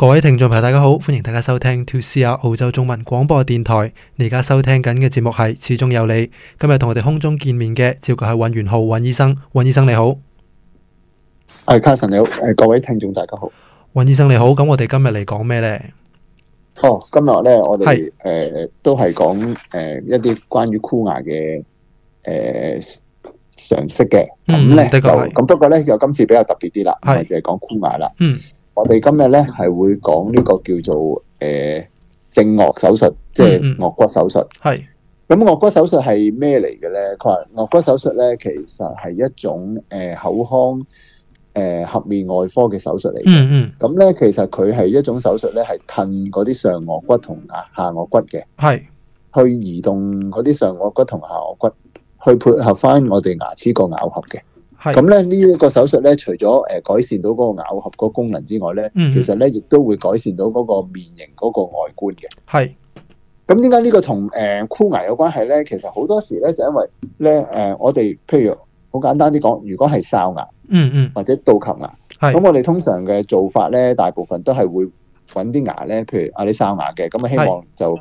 各位聽眾朋友，大家好，歡迎大家收聽 To See 澳洲中文廣播電台。你而家收聽緊嘅節目係《始終有你》。今日同我哋空中見面嘅，照舊係尹元浩尹醫生。尹醫生你好，係卡神你好。誒，各位聽眾大家好。尹醫生你好，咁我哋今日嚟講咩呢？哦，oh, 今日呢，我哋誒是、呃、都係講誒一啲關於箍牙嘅常識嘅。嗯，呢，咁不過呢，又今次比較特別啲啦，係就係講箍牙啦。嗯。我哋今日咧係會講呢個叫做誒、呃、正顎手術，即係顎骨手術。係咁、嗯，顎、嗯、骨手術係咩嚟嘅咧？佢話顎骨手術咧，其實係一種誒、呃、口腔誒頜面外科嘅手術嚟嘅、嗯。嗯嗯。咁咧，其實佢係一種手術咧，係褪嗰啲上顎骨同啊下顎骨嘅。係是去移動嗰啲上顎骨同下顎骨，去配合翻我哋牙齒個咬合嘅。咁咧呢一個手術咧，除咗誒改善到嗰個咬合嗰功能之外咧，mm hmm. 其實咧亦都會改善到嗰個面型嗰個外觀嘅。係、mm。咁點解呢個同誒箍牙有關係咧？其實好多時咧就因為咧誒、呃，我哋譬如好簡單啲講，如果係哨牙，嗯嗯、mm，hmm. 或者倒及牙，咁、mm hmm. 我哋通常嘅做法咧，大部分都係會揾啲牙咧，譬如啊啲哨牙嘅，咁啊希望就誒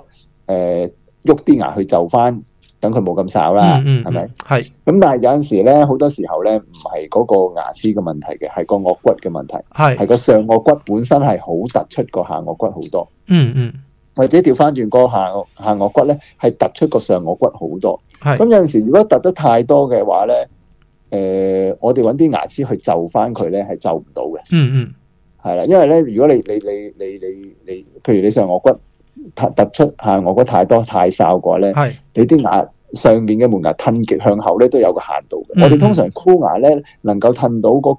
喐啲牙去就返。等佢冇咁哨啦，係咪？係咁，但係有陣時咧，好多時候咧，唔係嗰個牙齒嘅問題嘅，係個顎骨嘅問題。係係個上顎骨本身係好突出個下顎骨好多。嗯嗯，或者調翻轉個下下顎骨咧，係突出個上顎骨好多。係咁有陣時，如果突得太多嘅話咧，誒，我哋揾啲牙齒去就翻佢咧，係就唔到嘅。嗯嗯，係啦，因為咧，如果你你你你你你，譬如你上顎骨。突突出吓、啊，我覺得太多太哨嘅話咧，是你啲牙上邊嘅門牙褪極向後咧都有個限度嘅。嗯嗯，我哋通常箍牙咧，能夠褪到嗰、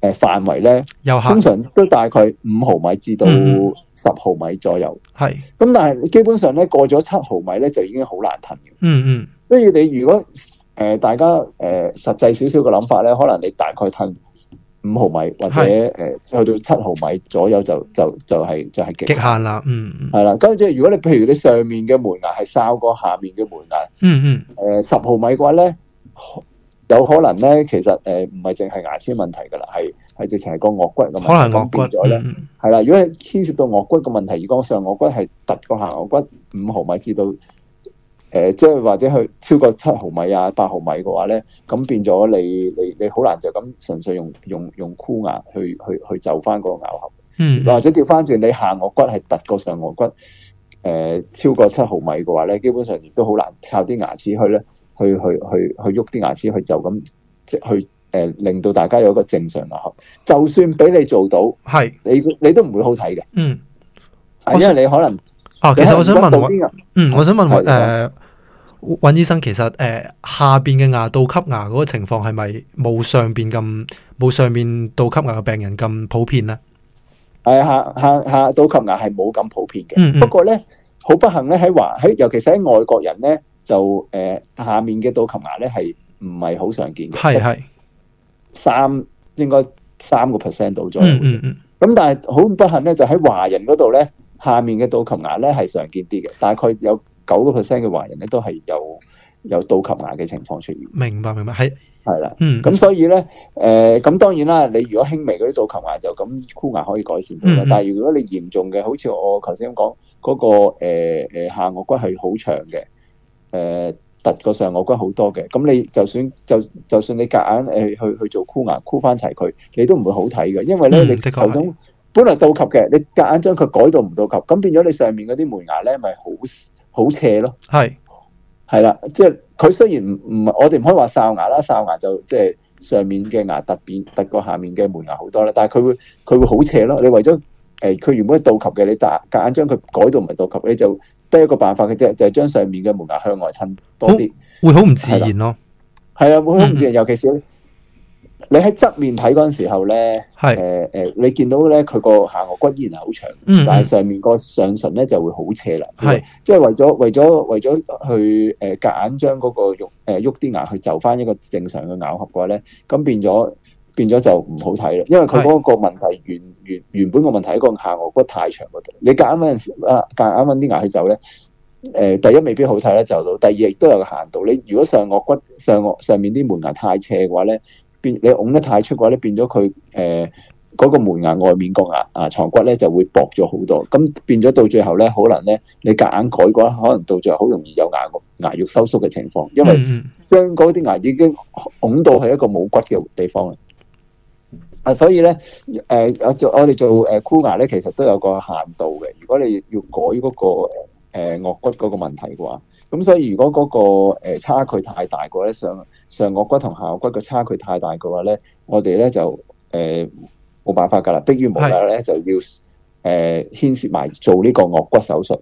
那個誒範圍咧，通常都大概五毫米至到十毫米左右。係、嗯嗯，咁但係基本上咧過咗七毫米咧就已經好難褪嘅。嗯嗯，所以你如果誒、呃、大家誒、呃、實際少少嘅諗法咧，可能你大概褪。五毫米或者誒，是去到七毫米左右就就就係就係、是、極、就是、限啦。嗯，係啦。咁即係如果你譬如你上面嘅門牙係哨過，下面嘅門牙、嗯，嗯嗯，誒十、呃、毫米嘅話咧，有可能咧其實誒唔係淨係牙齒問題噶啦，係係直情係個顎骨嘅問題可能改變咗咧。係啦、嗯，如果牽涉到顎骨嘅問題，如果上顎骨係突過下顎骨五毫米至到。誒，即係、呃、或者去超過七毫米啊、八毫米嘅話咧，咁變咗你你你好難就咁純粹用用用箍牙去去去就翻個咬合。嗯。或者調翻轉，你下顎骨係突過上顎骨，誒、呃、超過七毫米嘅話咧，基本上亦都好難靠啲牙齒去咧，去去去去喐啲牙齒去就咁即誒令到大家有一個正常的咬合。就算俾你做到，係是你你都唔會好睇嘅。嗯。因為你可能。啊，其實我想問，嗯，我想問，誒，尹醫生，其實誒，下邊嘅牙倒及牙嗰個情況係咪冇上邊咁冇上邊倒及牙嘅病人咁普遍咧？係下下下倒及牙係冇咁普遍嘅，不過咧好不幸咧喺華喺，尤其是喺外國人咧就誒，下面嘅倒及牙咧係唔係好常見嘅，係係三應該三個 percent 左右，嗯嗯嗯，咁但係好不幸咧就喺華人嗰度咧。下面嘅倒及牙咧係常見啲嘅，大概有九個 percent 嘅華人咧都係有有倒及牙嘅情況出現。明白，明白，係係啦，嗯。咁所以咧，誒咁當然啦，你如果輕微嗰啲倒及牙就咁箍牙可以改善到啦。但係如果你嚴重嘅，好似我頭先講嗰個誒誒下頜骨係好長嘅，誒突個上頜骨好多嘅，咁你就算就就算你夾硬誒去去做箍牙箍返齊佢，你都唔會好睇嘅，因為咧你頭先。本來倒及嘅，你夾硬將佢改到唔倒及，咁變咗你上面嗰啲門牙咧，咪好好斜咯。係係啦，即係佢雖然唔唔，我哋唔可以話哨牙啦，哨牙就即係上面嘅牙突變突過下面嘅門牙好多啦，但係佢會佢會好斜咯。你為咗誒，佢原本係倒及嘅，你大夾硬將佢改到唔係倒級，你就得一個辦法嘅啫，就係將上面嘅門牙向外伸多啲，會好唔自然咯。係啊，會好唔自然，尤其是。你喺側面睇嗰陣時候咧，係誒誒，你見到咧佢個下顎骨依然係好長，嗯嗯，但係上面個上唇咧就會好斜啦。係即係為咗為咗為咗去誒夾硬將嗰個喐誒啲牙去就翻一個正常嘅咬合嘅話咧，咁變咗變咗就唔好睇啦。因為佢嗰個問題是原原原本個問題喺個下顎骨太長嗰度，你夾硬揾啊夾硬啲牙去就咧誒、呃，第一未必好睇咧就到，第二亦都有個限度。你如果上顎骨上顎上面啲門牙太斜嘅話咧。變你拱得太出嘅話咧，變咗佢誒嗰個門牙外面個牙啊床骨咧就會薄咗好多，咁變咗到最後咧，可能咧你夾硬改嘅話，可能到最後好容易有牙牙肉收縮嘅情況，因為將嗰啲牙已經拱到係一個冇骨嘅地方啊，所以咧誒、呃、我做我哋做誒箍牙咧，其實都有一個限度嘅。如果你要改嗰、嗰個誒誒顎骨嗰個問題嘅話。咁所以如果嗰個差距太大嘅話咧，上上顎骨同下顎骨嘅差距太大嘅話咧，我哋咧就誒冇、呃、辦法㗎啦，迫於無奈咧就要誒、呃、牽涉埋做呢個顎骨手術。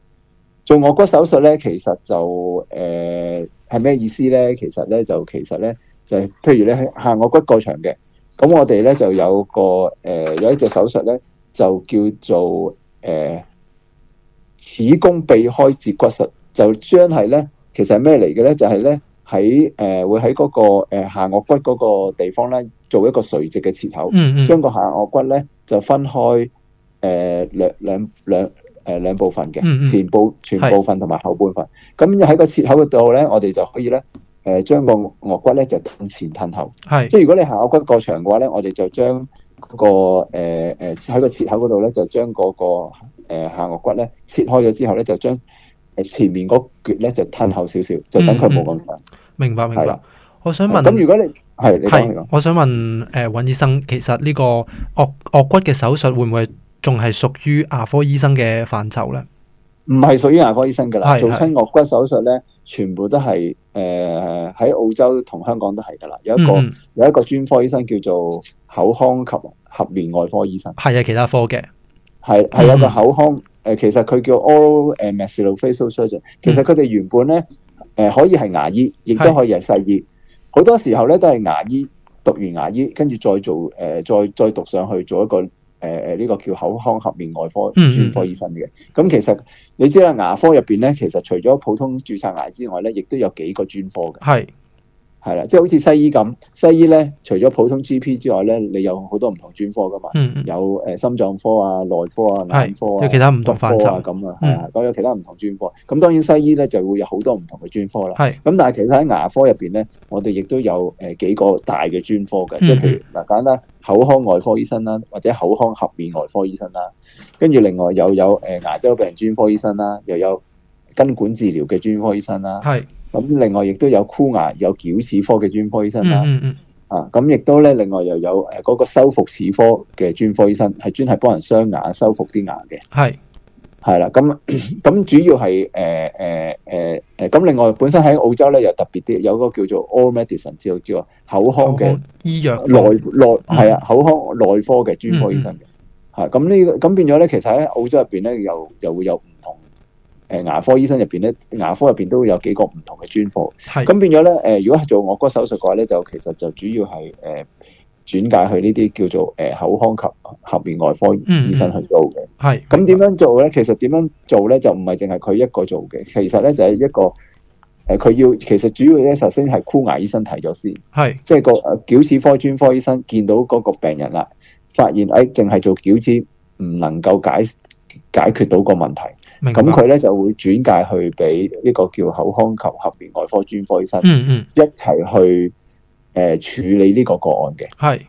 做顎骨手術咧，其實就誒係咩意思咧？其實咧就其實咧就係譬如咧，下顎骨過長嘅，咁我哋咧就有個誒、呃、有一隻手術咧，就叫做誒矢狀劈開截骨術。就將係咧，其實係咩嚟嘅咧？就係咧喺誒會喺嗰個下頜骨嗰個地方咧，做一個垂直嘅切口，嗯嗯將個下頜骨咧就分開誒、呃、兩兩兩誒、呃、兩部分嘅前部全部分同埋後半部分。咁喺、嗯嗯、個切口嘅度咧，係我哋就可以咧誒將個頜骨咧就吞前吞後。係，即係如果你下頜骨過長嘅話咧，我哋就將嗰、嗰個誒喺、呃、個切口嗰度咧，就將嗰個下頜骨咧切開咗之後咧，就將前面嗰橛咧就吞後少少，就等佢冇咁長。明白，明白。是我想問，咁如果你係係，我想問誒，尹、呃、醫生，其實呢個顎顎骨嘅手術會唔會仲係屬於牙科醫生嘅範疇咧？唔係屬於牙科醫生㗎啦，做親顎骨手術咧，全部都係誒喺澳洲同香港都係㗎啦。有一個、嗯、有一個專科醫生叫做口腔及頜面外科醫生，係啊，其他科嘅，係係有個口腔。嗯誒、呃、其實佢叫 oral 誒 maxillofacial surgeon，其實佢哋原本咧誒、呃、可以係牙醫，亦都可以係西醫。好的多時候咧都係牙醫讀完牙醫，跟住再做誒、呃、再再讀上去做一個誒誒呢個叫口腔頜面外科、嗯、專科醫生嘅。咁、嗯嗯、其實你知啦，牙科入邊咧，其實除咗普通註冊牙之外咧，亦都有幾個專科嘅。係。係啦，即係好似西醫咁，西醫咧除咗普通 G P 之外咧，你有好多唔同專科噶嘛，嗯、有誒心臟科啊、內科啊、眼是科有其他唔同科啊咁啊，都有其他唔同專科。咁當然西醫咧就會有好多唔同嘅專科啦。咁是但係其實喺牙科入邊咧，我哋亦都有誒、呃、幾個大嘅專科嘅，即係是譬如嗱簡單口腔外科醫生啦，或者口腔頜面外科醫生啦，跟住另外又有誒、呃、牙周病專科醫生啦，又有根管治療嘅專科醫生啦。咁另外亦都有箍牙、有矯齒科嘅專科醫生啦，嗯嗯啊咁亦都咧，另外又有誒嗰、呃那個修復齒科嘅專科醫生，係專係幫人鑲牙修復啲牙嘅，係係啦。咁咁主要係誒誒誒誒，咁、呃呃呃、另外本身喺澳洲咧又特別啲，有個叫做 Oral Medicine，即係叫口腔嘅醫藥內內係啊、嗯，口腔內科嘅專科醫生嘅，係咁、嗯嗯啊這個、呢個咁變咗咧，其實喺澳洲入邊咧又又會有。誒牙科醫生入面咧，牙科入邊都有幾個唔同嘅專科。係是，咁變咗咧、呃，如果係做我個手術嘅話咧，就其實就主要係誒、呃、轉介去呢啲叫做誒、呃、口腔及頜面外科醫生去做嘅。咁點、嗯、樣做咧？其實點樣做咧？就唔係淨係佢一個做嘅。其實咧就係一個誒，佢要其實主要咧，首先係箍牙醫生睇咗先。係是，即係個矯齒、呃、科專科醫生見到嗰個病人啦，發現誒淨係做矯齒唔能夠解解決到個問題。咁佢咧就會轉介去俾呢個叫口腔及頜面外科專科醫生一起，一齊去誒處理呢個個案嘅。係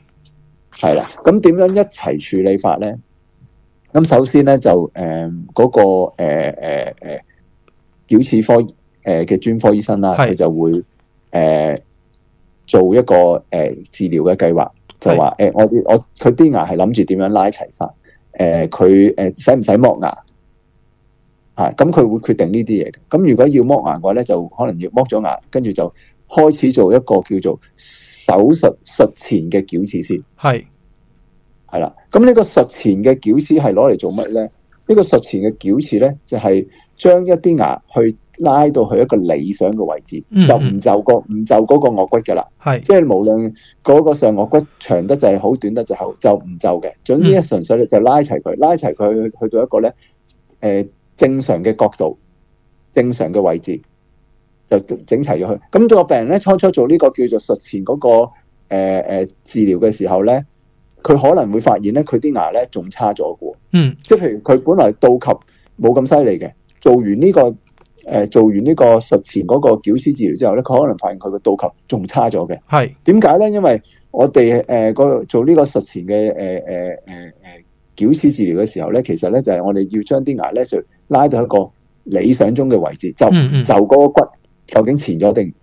係啦，咁點樣一齊處理法咧？咁首先咧就誒嗰、呃那個誒誒誒矯齒科誒嘅、呃、專科醫生啦、啊，佢是就會誒、呃、做一個誒、呃、治療嘅計劃，就話誒是、呃、我我佢啲牙係諗住點樣拉齊法，誒佢誒使唔使磨牙？係，咁佢、嗯、會決定呢啲嘢嘅。咁如果要剝牙嘅話咧，就可能要剝咗牙，跟住就開始做一個叫做手術術前嘅矯治先。係是，係啦。咁呢、呢個術前嘅矯治係攞嚟做乜咧？呢個術前嘅矯治咧，就係將一啲牙去拉到去一個理想嘅位置，嗯嗯就唔就、嗰個唔就嗰個顎骨嘅啦。係是，即係無論嗰個上顎骨長得就係好，短得就就唔就嘅，總之一純粹咧就拉齊佢，嗯、拉齊佢去，去到一個咧，誒、呃。正常嘅角度、正常嘅位置就整齊咗去。咁、嗰個病人咧，初初做呢個叫做術前嗰、嗰個誒、呃、治療嘅時候咧，佢可能會發現咧，佢啲牙咧仲差咗嘅。嗯即，即係譬如佢本來倒及冇咁犀利嘅，做完呢、呢個誒、呃、做完呢個術前嗰個矯齒治療之後咧，佢可能發現佢嘅倒及仲差咗嘅。係點解咧？因為我哋誒、呃、個做呢個術前嘅誒誒誒誒矯齒治療嘅時候咧，其實咧就係、係、我哋要將啲牙咧就。拉到一個理想中嘅位置，就就嗰個骨究竟前咗定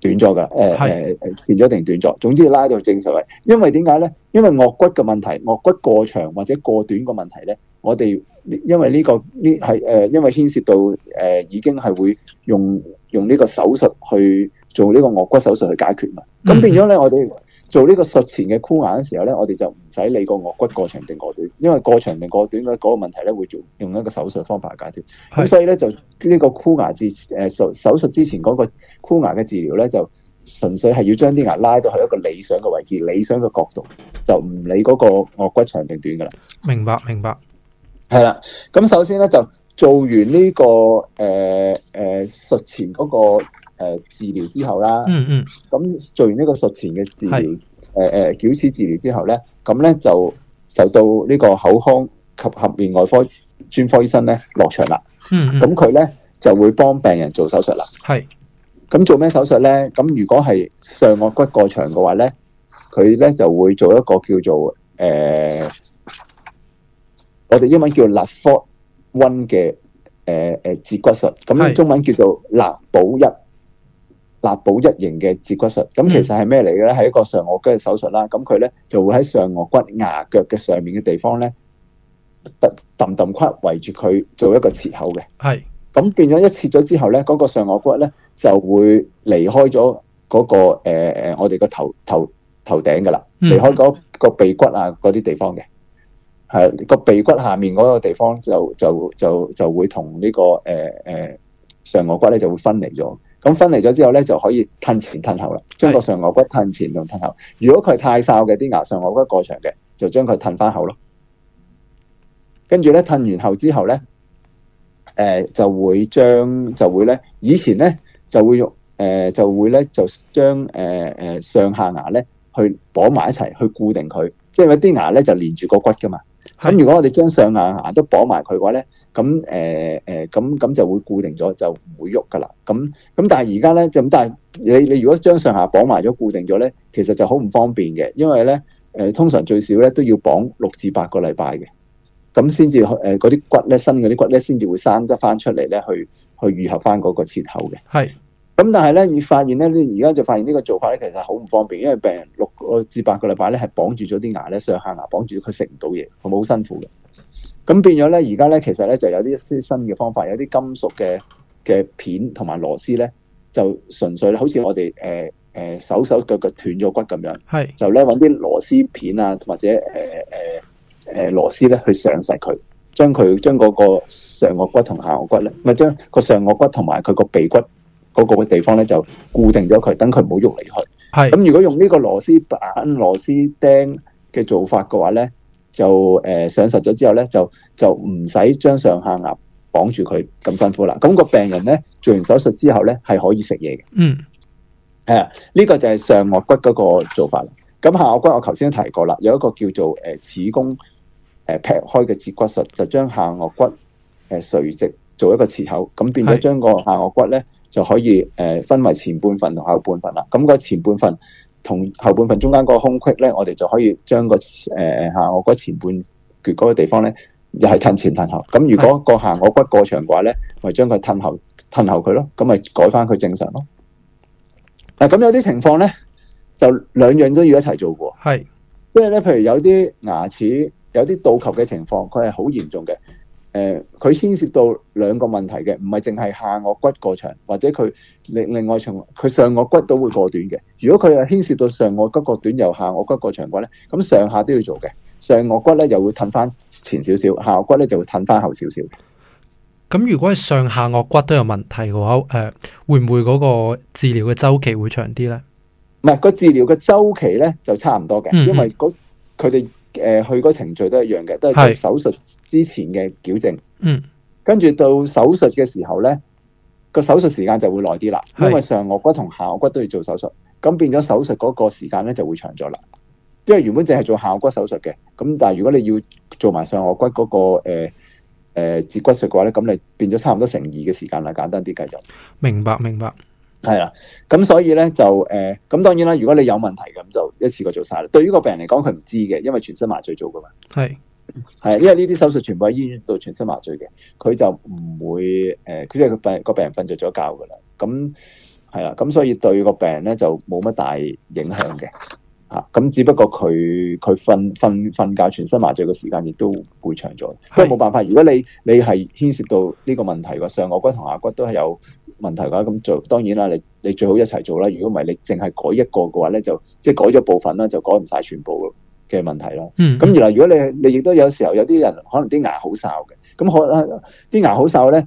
短咗㗎、呃？前咗定短咗？總之拉到正常位。因為點解咧？因為顎骨嘅問題，顎骨過長或者過短嘅問題咧，我哋因為呢個呢係誒，因為牽涉到誒，已經係會用。用呢個手術去做呢個顎骨手術去解決嘛？咁變咗咧，我哋做呢個術前嘅箍牙嘅時候咧，我哋就唔使理個顎骨過長定過短，因為過長定過短嘅嗰個問題咧，會做用一個手術方法去解決。咁是所以咧，就呢個箍牙之誒、呃、手手術之前嗰個箍牙嘅治療咧，就純粹係要將啲牙拉到去一個理想嘅位置，理想嘅角度，就唔理嗰個顎骨長定短噶啦。明白，明白。係啦，咁首先咧就。做完呢個誒誒術前嗰個治療之後啦，嗯嗯，咁做完呢個術前嘅治療，誒誒是的、呃呃、矯齒治療之後咧，咁咧就就到呢個口腔及頜面外科專科醫生咧落場啦，嗯嗯，咁佢咧就會幫病人做手術啦，係，咁做咩手術咧？咁如果係上頜骨過長嘅話咧，佢咧就會做一個叫做誒、呃，我哋英文叫立科溫嘅誒誒截骨術，咁中文叫做立保一立保一型嘅截骨術，咁其實係咩嚟嘅咧？係一個上頜骨嘅手術啦，咁佢咧就會喺上頜骨牙腳嘅上面嘅地方咧，揼揼骨圍住佢做一個切口嘅。係，咁變咗一切咗之後咧，嗰個上頜骨咧就會離開咗嗰個誒誒我哋個頭頭頭頂㗎喇，離開嗰個鼻骨啊嗰啲地方嘅。係個鼻骨下面嗰個地方就就就就會同、這個呃、呢個誒誒上顎骨咧就會分離咗。咁分離咗之後咧就可以褪前褪後啦。將個上顎骨褪前同褪後。的如果佢太哨嘅，啲牙上顎骨過長嘅，就將佢褪翻後咯。跟住咧褪完後之後咧，誒、呃、就會將就會咧以前咧就會用誒、呃、就會咧就將誒誒上下牙咧去綁埋一齊去固定佢，即係話啲牙咧就連住個骨噶嘛。咁如果我哋將上下牙都綁埋佢嘅話咧，咁誒誒，咁、呃、咁、呃、就會固定咗，就唔會喐噶啦。咁咁但係而家咧，咁但係你你如果將上下綁埋咗，固定咗咧，其實就好唔方便嘅，因為咧誒、呃，通常最少咧都要綁六至八個禮拜嘅，咁先至去誒嗰啲骨咧，新嗰啲骨咧，先至會生得翻出嚟咧，去去愈合翻嗰個切口嘅。係。咁但係咧，而發現咧，你而家就發現呢個做法咧，其實好唔方便，因為病人六至八個禮拜咧，係綁住咗啲牙咧，上下牙綁住，佢食唔到嘢，係冇好辛苦嘅。咁變咗咧，而家咧，其實咧就有啲一些新嘅方法，有啲金屬嘅嘅片同埋螺絲咧，就純粹好似我哋、呃、手手腳腳斷咗骨咁樣，是就咧搵啲螺絲片啊，或者誒、呃、螺絲咧去上實佢，將佢將嗰個上顎骨同下顎骨咧，咪、呃、將個上顎骨同埋佢個鼻骨。嗰個地方咧就固定咗佢，等佢唔好喐嚟去。係咁，如果用呢個螺絲板、螺絲釘嘅做法嘅話咧，就誒、呃、上實咗之後咧，就就唔使將上下牙綁住佢咁辛苦啦。咁、那個病人咧做完手術之後咧，係可以食嘢嘅。嗯，係啊，呢、這個就係上顎骨嗰個做法。咁下顎骨我頭先都提過啦，有一個叫做誒齒弓誒劈開嘅截骨術，就將下顎骨誒垂直做一個切口，咁變咗將個下顎骨咧。就可以誒分為前半份同後半份啦。咁嗰前半份同後半份中間嗰個空隙咧，我哋就可以將個誒下顎嗰前半缺個地方咧，又係褪前褪後。咁如果個下顎骨，骨過長嘅話咧，咪將佢褪後褪後佢咯，咁咪改翻佢正常咯。嗱，咁有啲情況咧，就兩樣都要一齊做嘅喎。係是，因為咧，譬如有啲牙齒有啲倒及嘅情況，佢係好嚴重嘅。誒，佢牽涉到兩個問題嘅，唔係淨係下我骨過長，或者佢另另外從佢上顎骨都會過短嘅。如果佢又牽涉到上顎骨過短又下顎骨過長嘅咧，咁上下都要做嘅。上顎骨咧又會褪翻前少少，下顎骨咧就會褪翻後少少。咁如果係上下顎骨都有問題嘅話，誒會唔會嗰個治療嘅周期會長啲咧？唔係，個治療嘅周期咧就差唔多嘅，嗯、因為佢哋。誒、呃，去嗰個程序都一樣嘅，都係做手術之前嘅矯正。嗯，跟住到手術嘅時候咧，個手術時間就會耐啲啦，是因為上顎骨同下顎骨都要做手術，咁變咗手術嗰個時間咧就會長咗啦。因為原本淨係做下顎骨手術嘅，咁但係如果你要做埋上顎骨嗰、嗰個誒誒截骨術嘅話咧，咁你變咗差唔多成二嘅時間啦，簡單啲計就。明白，明白。係啦，咁、啊、所以咧就誒，咁、呃、當然啦，如果你有問題，咁就一次過做晒啦。對於個病人嚟講，佢唔知嘅，因為全身麻醉做噶嘛。係係是、啊，因為呢啲手術全部喺醫院度全身麻醉嘅，佢就唔會誒，即係個病個病、啊、個病人瞓着咗覺噶啦。咁係啦，咁所以對個病人咧就冇乜大影響嘅。吓、啊，咁只不過佢佢瞓瞓瞓覺全身麻醉嘅時間亦都會長咗，是不過冇辦法。如果你你係牽涉到呢個問題嘅，上顎骨同下顎骨都係有問題嘅話，咁就當然啦，你你最好一齊做啦。如果唔係，你淨係改一個嘅話咧，就即係改咗部分啦，就改唔晒全部嘅問題啦。咁、嗯、而嚟，如果你你亦都有時候有啲人可能啲牙好哨嘅，咁可能啲牙好哨咧，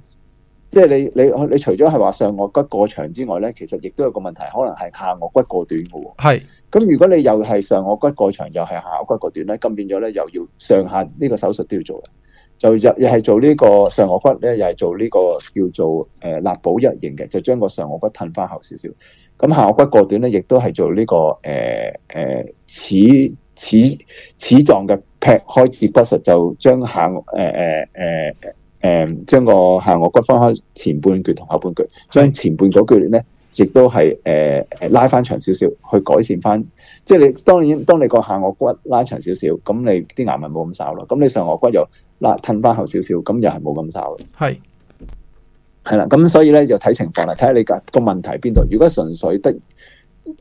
即係你你你，你除咗係話上顎骨過長之外咧，其實亦都有個問題，可能係下顎骨過短嘅喎。係是。咁如果你又係上顎骨過長，又係下顎骨過短咧，咁變咗咧，又要上下呢個手術都要做啦。就又又係做呢個上顎骨咧，又係做呢個叫做誒立、呃、保一型嘅，就將個上顎骨褪翻後少少。咁下顎骨過短咧，亦都係做呢、這個誒誒此此此狀嘅劈開截骨術，就將下誒誒誒誒將個下顎骨分開前半段同後半段，將前半嗰段咧，亦都係誒誒拉翻長少少，去改善翻。即、就、係、是、你當然，當你個下顎骨拉長少少，咁你啲牙紋冇咁少啦。咁你上顎骨又～嗱，褪翻後少少，咁又係冇咁受嘅。係，係啦，咁所以咧就睇情況啦，睇下你個個問題邊度。如果純粹得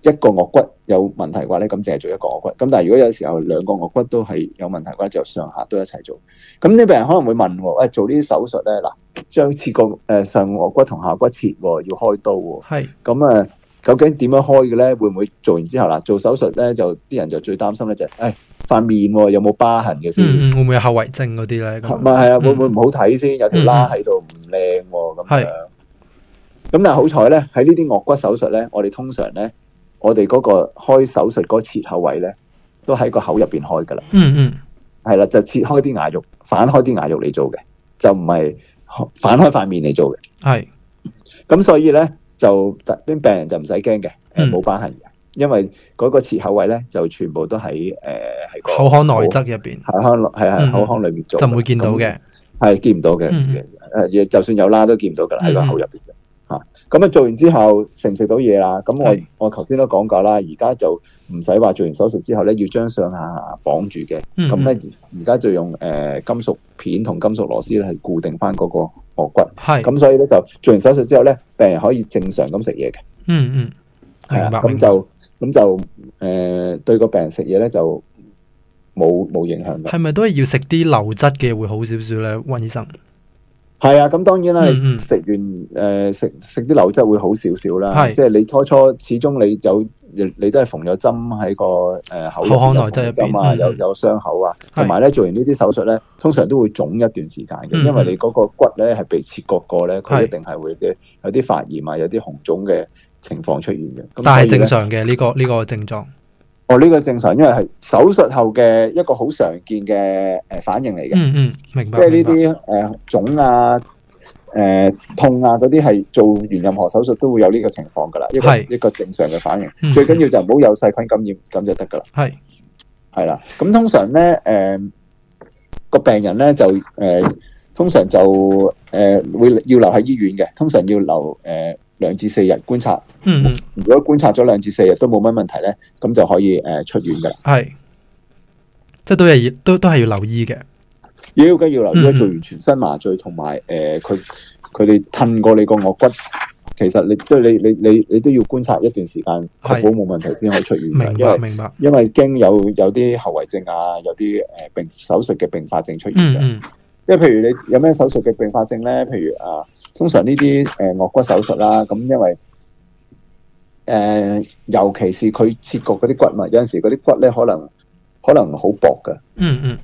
一個顎骨有問題嘅話咧，咁淨係做一個顎骨。咁但係如果有時候兩個顎骨都係有問題嘅話，就上下都一齊做。咁呢，病人可能會問我：喂「做呢啲手術咧，嗱，將切個上顎骨同下骨切，要開刀喎。咁啊是，究竟點樣開嘅咧？會唔會做完之後嗱，做手術咧就啲人就最擔心咧就係，哎。塊面有冇疤痕嘅先？嗯，會唔會有後遺症嗰啲咧？唔係、嗯，係啊，會唔會唔好睇先？有條疤喺度唔靚喎，咁樣。係、嗯。咁但係好彩咧，喺呢啲顎骨手術咧，我哋通常咧，我哋嗰個開手術嗰切口位咧，都喺個口入邊開噶啦、嗯。嗯嗯。係啦，就切開啲牙肉，反開啲牙肉嚟做嘅，就唔係反開塊面嚟做嘅。係、嗯。咁所以咧，就啲病人就唔使驚嘅，誒、呃，冇疤痕。嗯因為嗰個切口位咧，就全部都喺誒，喺、呃、口腔內側入邊，口腔內係係口腔、嗯、裏面做，就唔會見到嘅，係見唔到嘅，誒、嗯，就算有啦，都見唔到噶啦，喺、嗯、個口入邊嘅吓。咁啊，做完之後食唔食到嘢啦？咁我是我頭先都講過啦，而家就唔使話做完手術之後咧，要將上下牙綁住嘅。咁咧、嗯，而家就用誒、呃、金屬片同金屬螺絲咧，係固定翻嗰個顎骨。係咁是，所以咧就做完手術之後咧，病人可以正常咁食嘢嘅。嗯嗯，係啊，咁就。咁就誒、呃，對個病人食嘢咧就冇冇影響嘅。係咪都係要食啲流質嘅會好少少咧？溫醫生係啊，咁當然啦，食、嗯嗯、完誒食食啲流質會好少少啦。是即係你初初始終你有你都係縫咗針喺個誒口腔內側，縫咗針啊，嗯嗯有有傷口啊，同埋咧做完術呢啲手術咧，通常都會腫一段時間嘅，嗯嗯因為你嗰個骨咧係被切割過咧，佢是一定係會啲有啲發炎啊，有啲紅腫嘅。情況出現嘅，但係正常嘅呢個呢個症狀。哦，呢個正常，因為係手術後嘅一個好常見嘅誒反應嚟嘅。嗯嗯，明白。即係呢啲誒腫啊，誒痛啊嗰啲係做完任何手術都會有呢個情況噶啦，一個一個正常嘅反應。最緊要就唔好有細菌感染，咁就得噶啦。係係啦，咁通常咧，誒個病人咧就誒通常就誒會要留喺醫院嘅，通常要留誒。兩至四日觀察，嗯，嗯，如果觀察咗兩至四日都冇乜問題咧，咁就可以誒、呃、出院㗎啦。係，即係都係要都都係要留意嘅。妖，梗要留意，嗯嗯做完全身麻醉同埋誒，佢佢哋褪過你個顎骨，其實你都你你你你，你都要觀察一段時間，確保冇問題先可以出院。明白因為明白，因為驚有有啲後遺症啊，有啲誒併手術嘅併發症出現嘅。嗯，嗯即係譬如你有咩手術嘅併發症咧？譬如啊，通常呢啲誒顎骨手術啦，咁因為誒、呃，尤其是佢切割嗰啲骨嘛，有陣時嗰啲骨咧可能可能好薄㗎，嗯嗯，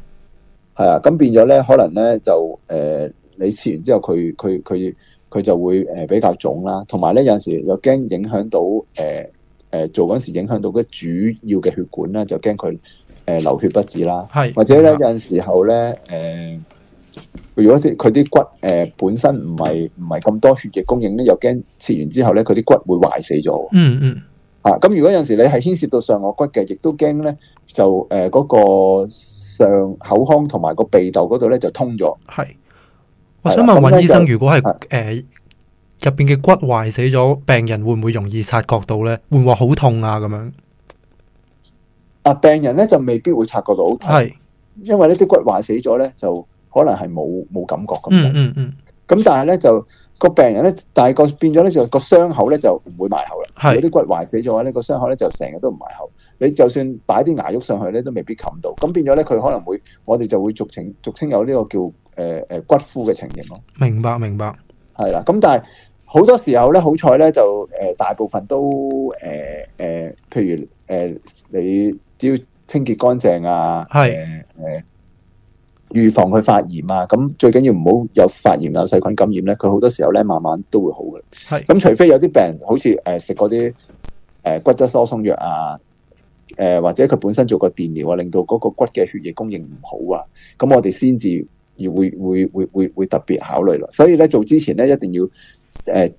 係啊，咁變咗咧，可能咧、嗯嗯啊、就誒、呃、你切完之後佢，佢佢佢佢就會誒比較腫啦，同埋咧有陣時又驚影響到誒誒、呃、做嗰陣時候影響到嘅主要嘅血管咧，就驚佢誒流血不止啦，係是或者咧有陣時候咧誒。呃如果啲佢啲骨誒本身唔係唔係咁多血液供應咧，又驚切完之後咧佢啲骨會壞死咗。嗯嗯。啊，咁如果有時你係牽涉到上顎骨嘅，亦都驚咧就誒嗰個上口腔同埋個鼻竇嗰度咧就通咗。係。我想問問醫生，如果係誒入邊嘅骨壞死咗，病人會唔會容易察覺到咧？會話好痛啊咁樣。啊，病人咧就未必會察覺到。係。因為呢啲骨壞死咗咧就。可能係冇冇感覺咁，嗯嗯嗯，咁但係咧就個病人咧，但係個變咗咧就個傷口咧就唔會埋口啦。係有啲骨壞死咗咧，個傷口咧就成日都唔埋口。你就算擺啲牙肉上去咧，都未必冚到。咁變咗咧，佢可能會我哋就會俗稱俗稱有呢個叫誒誒骨膚嘅情形咯。明白明白，係啦。咁但係好多時候咧，好彩咧就誒大部分都誒誒，譬如誒你只要清潔乾淨啊，係誒。預防佢發炎啊，咁最緊要唔好有發炎有細菌感染咧，佢好多時候咧慢慢都會好嘅。係，咁除非有啲病人好似誒食嗰啲誒骨質疏鬆藥啊，誒、呃、或者佢本身做過電療啊，令到嗰個骨嘅血液供應唔好啊，咁我哋先至會會會會會特別考慮咯。所以咧做之前咧一定要誒。呃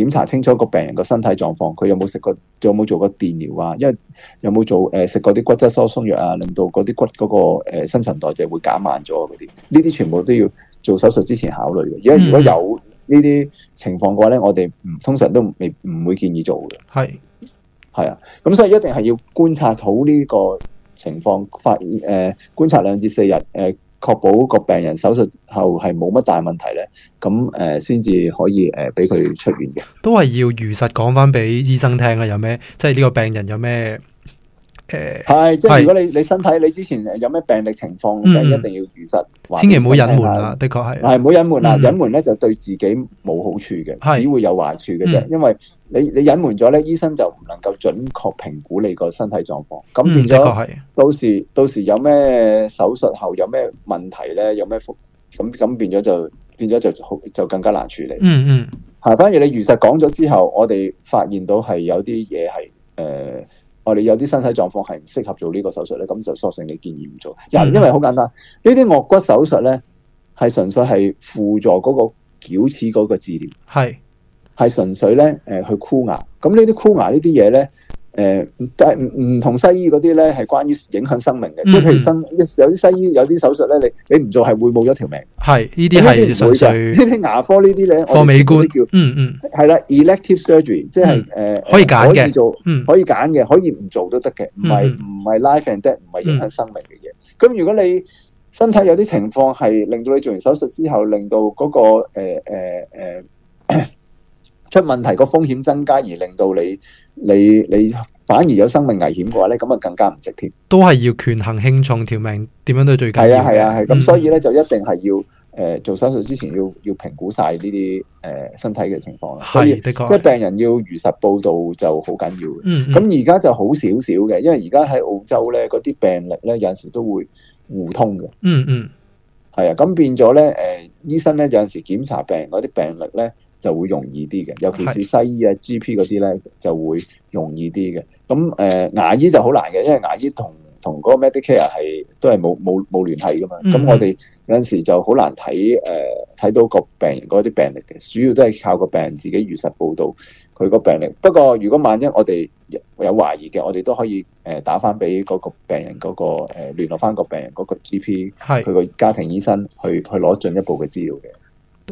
檢查清楚個病人個身體狀況，佢有冇食過，有冇做過電療啊，因為有冇做誒食、呃、過啲骨質疏鬆藥啊，令到嗰啲骨嗰、嗰個誒新陳代謝會減慢咗嗰啲，呢啲全部都要做手術之前考慮嘅。而如果有呢啲情況嘅話咧，我哋通常都未唔會建議做嘅。係係是啊，咁所以一定係要觀察好呢個情況，發、呃、誒觀察兩至四日誒。確保個病人手術後係冇乜大問題咧，咁誒先至可以誒俾佢出院嘅。都係要如實講返畀醫生聽呀，有咩即係呢個病人有咩？誒，係，即係如果你是你身體你之前有咩病歷情況，一定，嗯、一定要如實，千祈唔好隱瞞啦。的確係，係唔好隱瞞啦，隱瞞咧就對自己冇好處嘅，是只會有壞處嘅啫。嗯、因為你你隱瞞咗咧，醫生就唔能夠準確評估你個身體狀況，咁變咗到時，嗯、到時到時有咩手術後有咩問題咧，有咩復咁咁變咗就變咗就好就更加難處理。嗯嗯，吓、嗯、反而你如實講咗之後，我哋發現到係有啲嘢係誒。呃.我哋有啲身體狀況係唔適合做呢個手術咧，咁就索性你建議唔做。又因為好簡單，呢啲顎骨手術咧，係純粹係輔助嗰個矯齒嗰個治療，係，係是純粹咧誒、呃、去箍牙。咁呢啲箍牙呢啲嘢咧。誒，但係唔唔同西醫嗰啲咧，係關於影響生命嘅。即係譬如生有啲西醫有啲手術咧，你你唔做係會冇咗條命。係呢啲係手術，呢啲牙科呢啲咧，我哋叫嗯嗯係啦 elective surgery，即係誒可以揀嘅，做可以揀嘅，可以唔做都得嘅。唔係唔係 life and death，唔係影響生命嘅嘢。咁如果你身體有啲情況係令到你做完手術之後，令到嗰個誒誒誒出問題，個風險增加而令到你。你你反而有生命危險嘅話咧，咁啊更加唔值添。都係要權衡輕重條命，點樣都係最緊要嘅。係啊係啊係。咁、啊、所以咧就一定係要誒、嗯呃、做手術之前要要評估晒呢啲誒身體嘅情況啦。係，的確。所以。即係病人要如實報道就,、嗯嗯、就好緊要嘅。咁而家就好少少嘅，因為而家喺澳洲咧嗰啲病歷咧有陣時都會互通嘅。嗯嗯。係啊，咁變咗咧誒，醫生咧有陣時檢查病人嗰啲病歷咧。就會容易啲嘅，尤其是西醫啊、是 GP 嗰啲咧就會容易啲嘅。咁誒、呃、牙醫就好難嘅，因為牙醫同同嗰個 Medicare 係都係冇冇冇聯繫噶嘛。咁、嗯、我哋有陣時就好難睇睇、呃、到個病人嗰啲病歷嘅，主要都係靠個病人自己如實報道佢個病歷。不過如果萬一我哋有懷疑嘅，我哋都可以、呃、打翻俾嗰個病人嗰、嗰個、呃、聯聯絡翻個病人嗰、嗰個 GP，佢個家庭醫生去去攞進一步嘅資料嘅。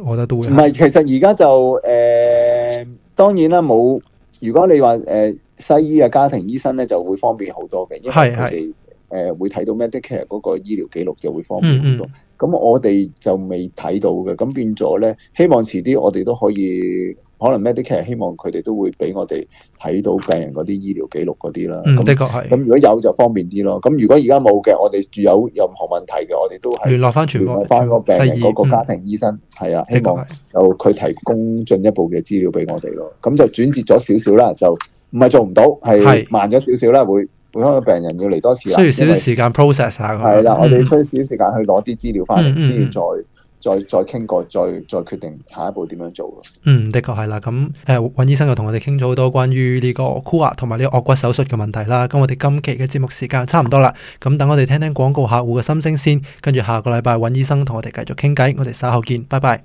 我覺得都會唔係，其實而家就誒、呃，當然啦，冇。如果你話誒、呃、西醫嘅家庭醫生咧，就會方便好多嘅，因為佢哋誒會睇到 Medicare 嗰個醫療記錄就會方便好多。咁、嗯嗯、我哋就未睇到嘅，咁變咗咧，希望遲啲我哋都可以。可能 Medicare 希望佢哋都會俾我哋睇到病人嗰啲醫療記錄嗰啲啦。嗯、那的確係。咁如果有就方便啲咯。咁如果而家冇嘅，我哋有任何問題嘅，我哋都係聯絡翻全部聯絡翻個病人嗰個家庭醫生。係、嗯、啊，希望就佢提供進一步嘅資料俾我哋咯。咁就轉折咗少少啦，就唔係做唔到，係慢咗少少啦，會會可能個病人要嚟多次啦。是為需要少少時間 process 下佢。係啦，我哋需要少少時間去攞啲資料翻嚟，先至、嗯、再。嗯嗯再再傾過，再再決定下一步點樣做咯。嗯，的確係啦。咁誒、呃，尹醫生又同我哋傾咗好多關於呢個箍牙同埋呢個顎骨手術嘅問題啦。咁我哋今期嘅節目時間差唔多啦。咁等我哋聽聽廣告客戶嘅心聲先，跟住下個禮拜尹醫生同我哋繼續傾偈。我哋稍後見，拜拜。